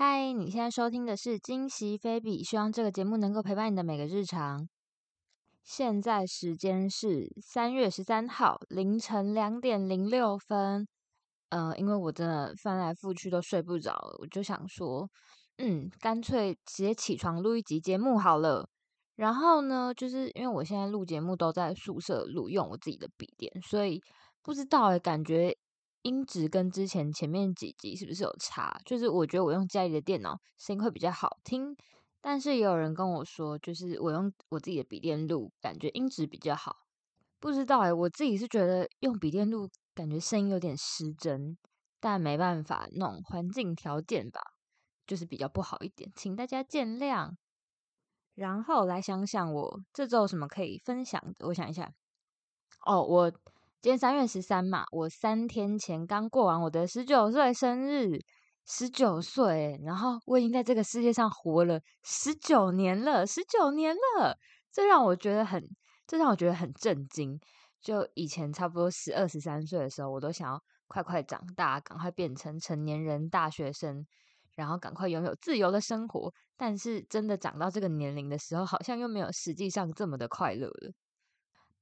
嗨，Hi, 你現在收聽的是《今昔菲比》，希望這個節目能夠陪伴你的每個日常。現在時間是三月十三號凌晨兩點零六分。呃，因為我真的翻來覆去都睡不着，我就想說，嗯，乾脆直接起床錄一集節目好了。然後呢，就是因為我現在錄節目都在宿舍錄，用我自己的筆電，所以不知道、欸、感覺。音質跟之前前面幾集是不是有差？就是我覺得我用家裡的電腦聲音會比較好聽，但是也有人跟我說，就是我用我自己的筆電錄，感覺音質比較好。不知道欸，我自己是覺得用筆電錄感覺聲音有點失真，但沒辦法，那種環境條件吧，就是比較不好一點，請大家見諒。然後來想想我這週有什麼可以分享的，我想一下。哦，我。今天三月十三嘛，我三天前剛過完我的十九歲生日，十九歲、欸，然後我已經在這個世界上活了十九年了，十九年了，這讓我覺得很，這讓我覺得很震驚。就以前差不多十二、十三歲的時候，我都想要快快長大，趕快變成成年人、大學生，然後趕快擁有自由的生活。但是真的長到這個年齡的時候，好像又沒有實際上這麼的快樂了。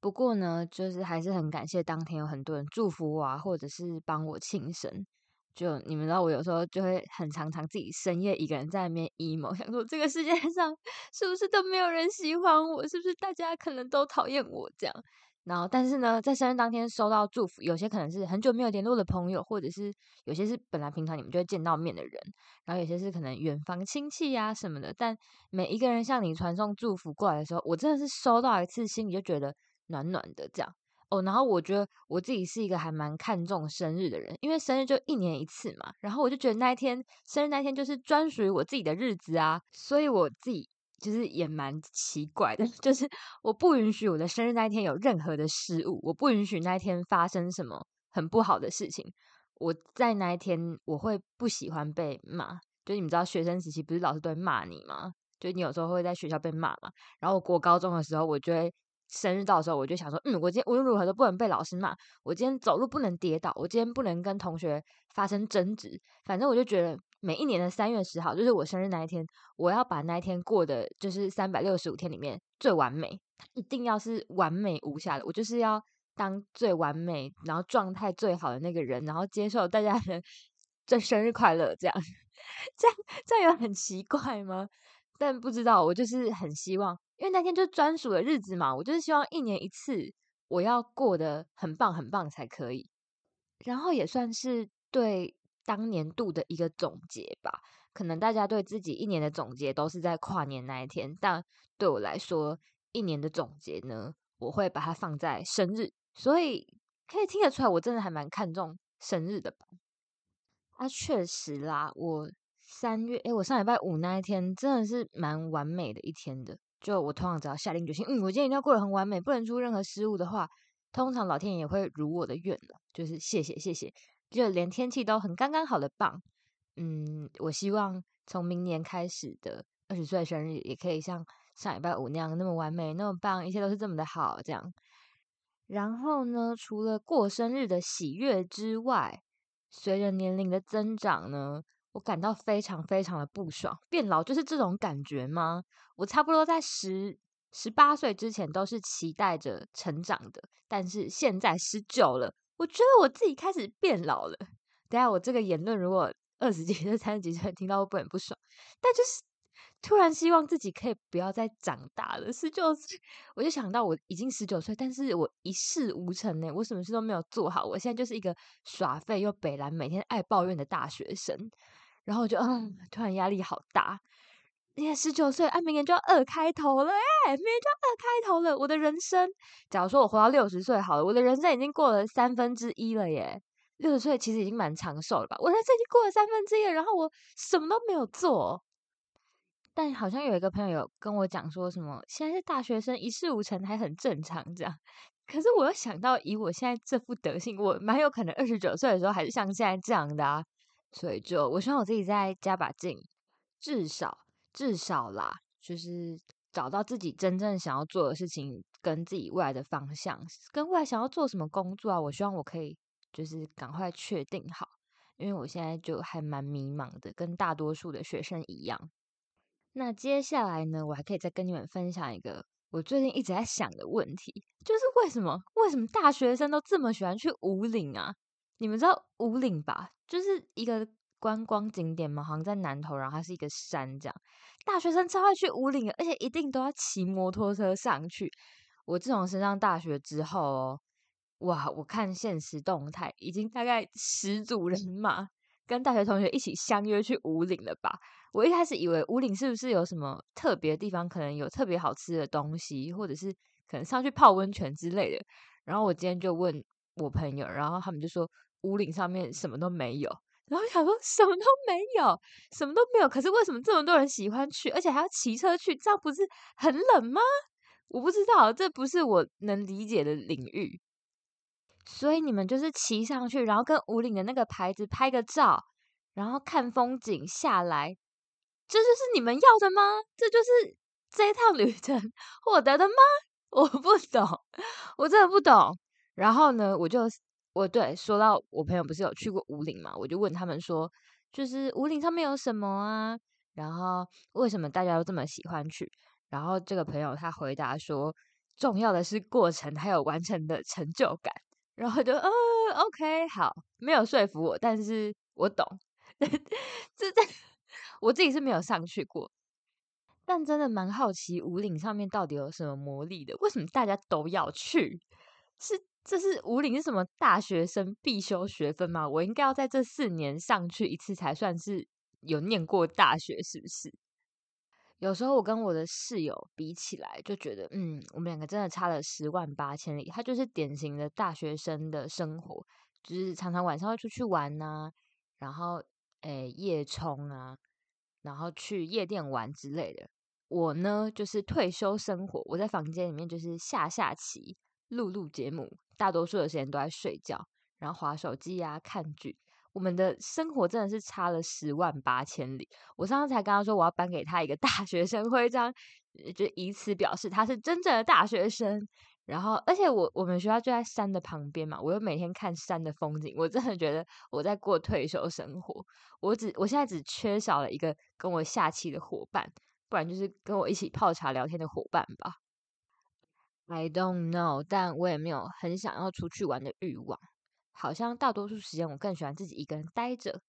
不過呢，就是還是很感謝當天有很多人祝福我，啊，或者是幫我慶生。就你們知道，我有時候就會很常常自己深夜一個人在那邊 emo，想說這個世界上是不是都沒有人喜歡我？是不是大家可能都討厭我這樣？然後，但是呢，在生日當天收到祝福，有些可能是很久沒有聯絡的朋友，或者是有些是本來平常你們就會見到面的人，然後有些是可能遠方親戚呀、啊、什麼的。但每一個人向你傳送祝福過來的時候，我真的是收到一次，心裡就覺得。暖暖的，這樣哦，oh, 然後我覺得我自己是一個還蠻看重生日的人，因為生日就一年一次嘛，然後我就覺得那一天生日那一天就是專屬於我自己的日子啊，所以我自己就是也蠻奇怪的，就是我不允許我的生日那一天有任何的失誤，我不允許那一天發生什麽很不好的事情，我在那一天我會不喜歡被罵，就你們知道學生時期不是老師都會罵你嘛？就你有時候會在學校被罵嘛，然後我國高中的時候我就會。生日到的時候，我就想說，嗯，我今天無論如何都不能被老師罵，我今天走路不能跌倒，我今天不能跟同學發生爭執。反正我就覺得，每一年的三月十號就是我生日那一天，我要把那一天過的就是三百六十五天裡面最完美，一定要是完美無瑕的。我就是要當最完美，然後狀態最好的那個人，然後接受大家的這生日快樂這樣，這樣，這樣也很奇怪嗎？但不知道，我就是很希望。因為那天就是專屬的日子嘛，我就是希望一年一次，我要過得很棒、很棒才可以。然後也算是對當年度的一個總結吧。可能大家對自己一年的總結都是在跨年那一天，但對我來說，一年的總結呢，我會把它放在生日，所以可以聽得出來，我真的還蠻看重生日的吧。啊，確實啦，我三月，誒，我上禮拜五那一天真的是蠻完美的一天的。就我通常只要下定決心，嗯，我今天一定要過得很完美，不能出任何失誤的話，通常老天爺也會如我的願了，就是謝謝謝謝，就連天氣都很剛剛好的棒，嗯，我希望從明年開始的二十歲生日也可以像上禮拜五那樣那麼完美、那麼棒，一切都是這麼的好這樣。然後呢，除了過生日的喜悅之外，隨着年齡的增長呢。我感到非常非常的不爽，變老就是這種感覺嗎？我差不多在十十八歲之前都是期待着成長的，但是現在十九了，我覺得我自己開始變老了。等一下我這個言論如果二十幾歲、三十幾歲聽到會不很不爽，但就是突然希望自己可以不要再長大了。十九歲，我就想到我已經十九歲，但是我一事無成呢、欸，我什麼事都沒有做好，我現在就是一個耍廢又北懶，每天愛抱怨的大學生。然後我就嗯，突然壓力好大。也十九歲，哎、啊，明年就要二開頭了哎、欸，明年就要二開頭了。我的人生，假如說我活到六十歲好了，我的人生已經過了三分之一了耶。六十歲其實已經蠻長壽了吧？我人生已經過了三分之一，然後我什麼都沒有做。但好像有一個朋友有跟我講說什麼，現在是大學生一事無成還很正常這樣。可是我又想到，以我現在這副德行，我蠻有可能二十九歲的時候還是像現在這樣的啊。所以就，就我希望我自己再加把勁，至少，至少啦，就是找到自己真正想要做的事情，跟自己未來的方向，跟未來想要做什麼工作啊！我希望我可以就是趕快確定好，因為我現在就還蠻迷茫的，跟大多數的學生一樣。那接下來呢，我還可以再跟你們分享一個我最近一直在想的問題，就是為什麼，為什麼大學生都這麼喜歡去武嶺啊？你們知道武嶺吧？就是一個觀光景點嘛，好像在南投，然後它是一個山這樣。大學生超愛去武嶺，而且一定都要騎摩托車上去。我自從升上大學之後，哦，哇！我看現實動態，已經大概十組人馬跟大學同學一起相約去武嶺了吧？我一開始以為武嶺是不是有什麼特別的地方，可能有特別好吃的東西，或者是可能上去泡溫泉之類的。然後我今天就問我朋友，然後他們就說，武嶺上面什麼都沒有，然後想說什麼都沒有，什麼都沒有。可是為什麼這麼多人喜歡去，而且還要騎車去？這樣不是很冷嗎？我不知道，這不是我能理解的領域。所以你們就是騎上去，然後跟武嶺的那個牌子拍個照，然後看風景下來，這就是你們要的嗎？這就是這一趟旅程獲得的嗎？我不懂，我真的不懂。然後呢，我就。我對說到我朋友不是有去過武嶺嘛，我就問他們說，就是武嶺上面有什麼啊？然後為什麼大家都這麼喜歡去？然後這個朋友他回答說，重要的是過程還有完成的成就感。然後就嗯 o k 好，沒有說服我，但是我懂。這 在我自己是沒有上去過，但真的蠻好奇武嶺上面到底有什麼魔力的？為什麼大家都要去？是。這是武嶺是什麼大學生必修學分嗎？我應該要在這四年上去一次才算是有念過大學，是不是？有時候我跟我的室友比起來，就覺得嗯，我們兩個真的差了十萬八千里。他就是典型的大學生的生活，就是常常晚上會出去玩吶啊，然後誒夜衝啊，然後去夜店玩之類的。我呢，就是退休生活，我在房間裡面就是下下棋，錄錄節目，大多數的時間都在睡覺，然後滑手機啊，看劇。我們的生活真的是差了十萬八千里。我上次才剛剛說我要頒給他一個大學生徽章，就以此表示他是真正的大學生。然後，而且我我們學校就在山的旁邊嘛，我又每天看山的風景，我真的覺得我在過退休生活。我只我現在只缺少了一個跟我下棋的夥伴，不然就是跟我一起泡茶聊天的夥伴吧。I don't know，但我也沒有很想要出去玩的慾望。好像大多數時間我更喜歡自己一個人待着。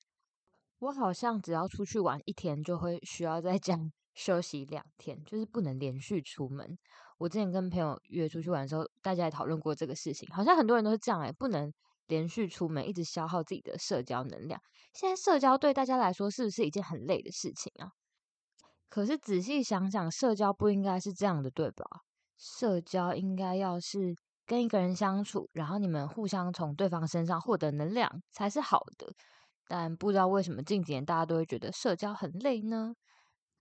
我好像只要出去玩一天，就會需要在家休息兩天，就是不能連續出門。我之前跟朋友約出去玩的時候，大家也討論過這個事情。好像很多人都是這樣欸，不能連續出門，一直消耗自己的社交能量。現在社交對大家來說是不是一件很累的事情啊？可是仔細想想，社交不應該是這樣的，對吧？社交應該要是跟一個人相處，然後你們互相從對方身上獲得能量才是好的。但不知道為什麼近幾年大家都會覺得社交很累呢？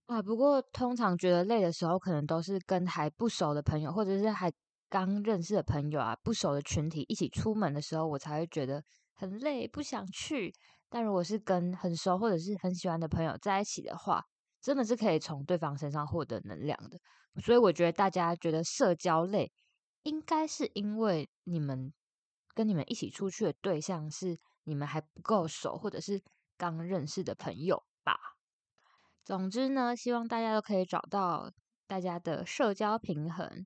啊，不過通常覺得累的時候，可能都是跟還不熟的朋友，或者是還剛認識的朋友啊，不熟的群體一起出門的時候，我才會覺得很累，不想去。但如果是跟很熟或者是很喜歡的朋友在一起的話，真的是可以從對方身上獲得能量的，所以我覺得大家覺得社交累應該是因為你們跟你們一起出去的對象是你們還不夠熟，或者是剛認識的朋友吧。總之呢，希望大家都可以找到大家的社交平衡。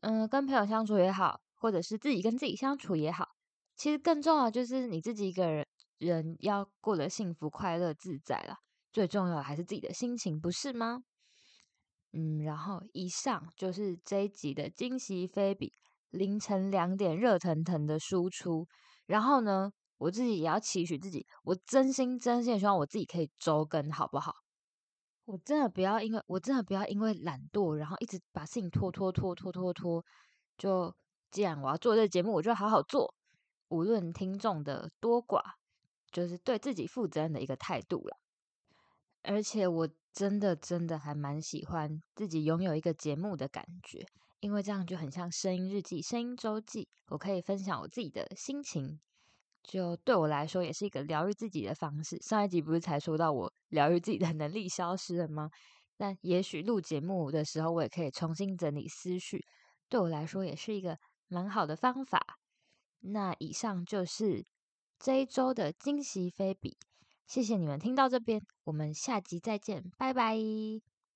嗯，跟朋友相處也好，或者是自己跟自己相處也好，其實更重要的就是你自己一個人人要過得幸福、快樂、自在啦。最重要的還是自己的心情，不是嗎？嗯，然後以上就是這一集的今昔菲比凌晨兩點熱騰騰的輸出。然後呢，我自己也要期許自己，我真心真意的希望我自己可以周更，好不好？我真的不要，因為我真的不要因為懶惰，然後一直把事情拖拖拖拖拖拖、拖。就既然我要做這個節目，我就要好好做，無論聽眾的多寡，就是對自己負責任的一個態度了。而且我真的真的還蠻喜歡自己擁有一個節目的感覺，因為這樣就很像聲音日記、聲音周記，我可以分享我自己的心情，就對我來說也是一個療癒自己的方式。上一集不是才說到我療癒自己的能力消失了嗎？那也許錄節目的時候，我也可以重新整理思緒，對我來說也是一個蠻好的方法。那以上就是這一周的今昔菲比。謝謝你們聽到這邊，我們下集再見，拜拜。